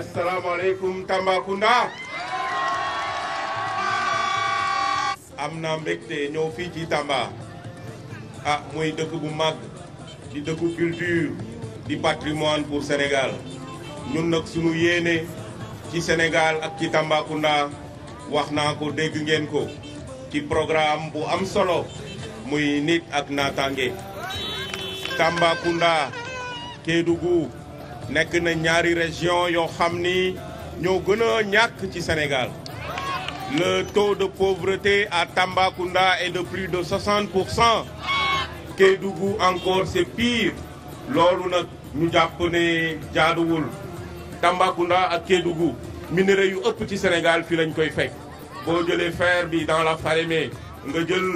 asalaamaaleykum Tambacounda. am naa mbégte ñëw fii ci tàmba ah muy dëkk bu mag di dëkku culture di patrimoine pour Sénégal ñun nag sunu yéene ci Sénégal ak ci Tambacounda wax naa ko dégg ngeen ko ci programme bu am solo muy nit ak naataange Tambacounda Kédougou nekk na ñaari région yoo xam ni ñoo gën a ñàkk ci Sénégal le taux de pauvreté à Tambacounda et de plus de 60 pour cent Kédougou encore c'est pire loolu nag ñu jàpp ne jaaduwul Tambacounda ak Kédougou minerai yu ëpp ci Sénégal fii lañ koy fekk boo jëlee fer bi dans la Falémé nga jël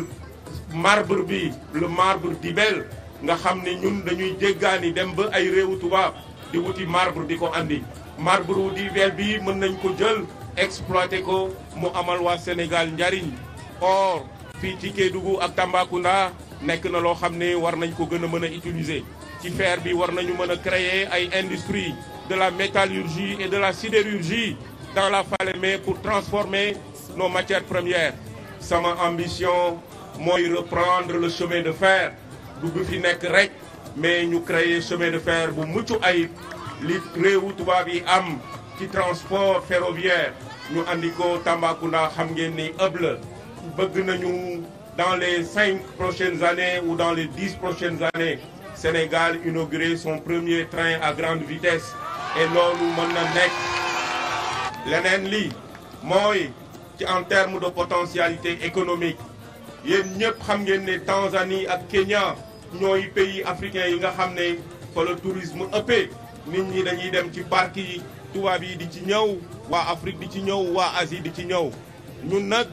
marbre bi le marbre d'Ibel nga xam ne ñun dañuy jéggaani dem ba ay réewu tubaab di wuti marbre di ko andi marbre wu di verre bi mën nañ ko jël exploité ko mu amal waa Sénégal njariñ or fii ci Kédougou ak Tambacounda nekk na loo xam ne war nañ ko gën a mën a utiliser ci fer bi war nañu mën a créer ay industrie de la métallurgie et de la sidérurgie dans la Falémé pour transformer nos matières premières sama ambition mooy reprendre le chemin de fer du fi nekk rek mais ñu créer chemin de fer bu mucc ayib li réewu tubaab yi am ci transport ferroviaire ñu andi ko Tambacounda xam ngeen ni ëpp la bëgg nañu dans les cinq prochaines années ou dans les dix prochaines années Sénégal inaugurer son premier train à grande vitesse et loolu mën na nekk leneen li mooy ci en termes de potentialité économique yéen ñëpp xam ngeen ne Tanzanie ak Kenya ñooy pays africain yi nga xam ne fa la tourisme ëppee nit ñi dañuy dem ci parc yi tubaab yi di ci ñëw waa Afrique di ci ñëw waa asi di ci ñëw ñun nag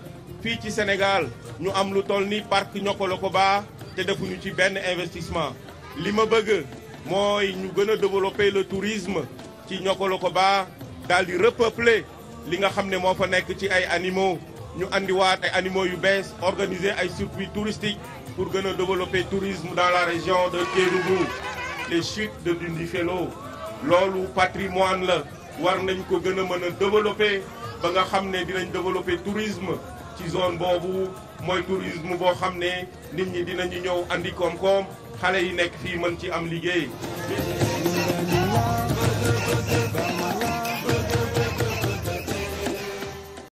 fii ci Sénégal ñu am lu toll ni parc Niokolo-Koba te defuñu ci benn investissement li ma bëgg mooy ñu gën a développer le tourisme ci Niokolo-Koba daal di repeupler li nga xam ne moo fa nekk ci ay animaux ñu andiwaat ay animaux yu bees organiser ay circuits touristiques pour gën a développer tourisme dans la région de Kédougou les chutes de Dundifelo loolu patrimoine la war nañ ko gën a mën a développer ba nga xam ne dinañ développer tourisme ci zone boobu mooy tourisme boo xam ne nit ñi dinañu ñëw andi koom-koom xale yi nekk fii mën ci am liggéey